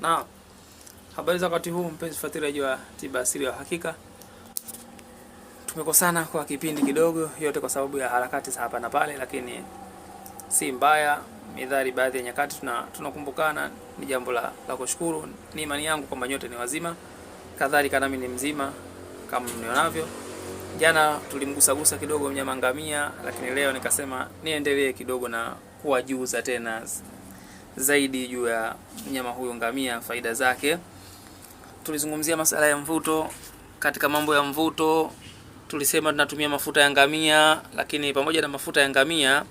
Na habari za wakati huu, mpenzi mfuatiliaji wa tiba asili ya hakika, tumekosana kwa kipindi kidogo, yote kwa sababu ya harakati za hapa na pale, lakini si mbaya midhari. Baadhi ya nyakati tuna tunakumbukana, ni jambo la, la kushukuru. Ni imani yangu kwamba nyote ni wazima, kadhalika nami ni mzima kama mnionavyo. Jana tulimgusagusa kidogo mnyama ngamia, lakini leo nikasema niendelee kidogo na kuwajuza tena zaidi juu ya mnyama huyu ngamia, faida zake. Tulizungumzia masala ya mvuto. Katika mambo ya mvuto, tulisema tunatumia mafuta ya ngamia, lakini pamoja na mafuta ya ngamia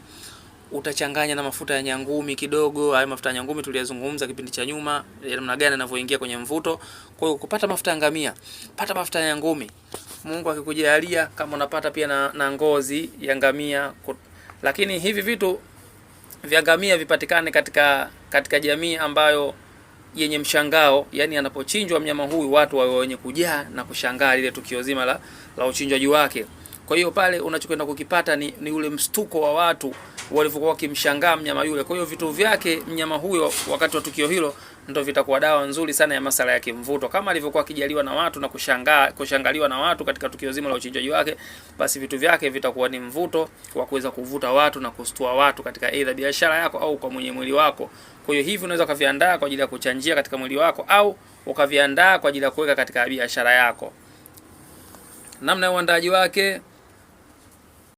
utachanganya na mafuta ya nyangumi kidogo. Hayo mafuta ya nyangumi tuliyazungumza kipindi cha nyuma, namna gani yanavyoingia kwenye mvuto. Kwa hiyo kupata mafuta ya ngamia, pata mafuta ya nyangumi. Mungu akikujalia, kama unapata pia na, na ngozi ya ngamia, lakini hivi vitu vya ngamia vipatikane katika katika jamii ambayo yenye mshangao, yani anapochinjwa mnyama huyu watu wawe wenye kujaa na kushangaa lile tukio zima la, la uchinjwaji wake. Kwa hiyo pale unachokwenda kukipata ni, ni ule mstuko wa watu walivyokuwa wakimshangaa mnyama yule. Kwa hiyo vitu vyake mnyama huyo wakati wa tukio hilo ndo vitakuwa dawa nzuri sana ya masala ya kimvuto, kama alivyokuwa akijaliwa na watu na kushangaa kushangaliwa na watu katika tukio zima la uchinjaji wake, basi vitu vyake vitakuwa ni mvuto wa kuweza kuvuta watu na kustua watu katika aidha biashara yako au kwa mwenye mwili wako. Kwa hiyo hivi unaweza ukaviandaa kwa ajili ya kuchanjia katika mwili wako au ukaviandaa kwa ajili ya kuweka katika biashara yako. Namna ya uandaaji wake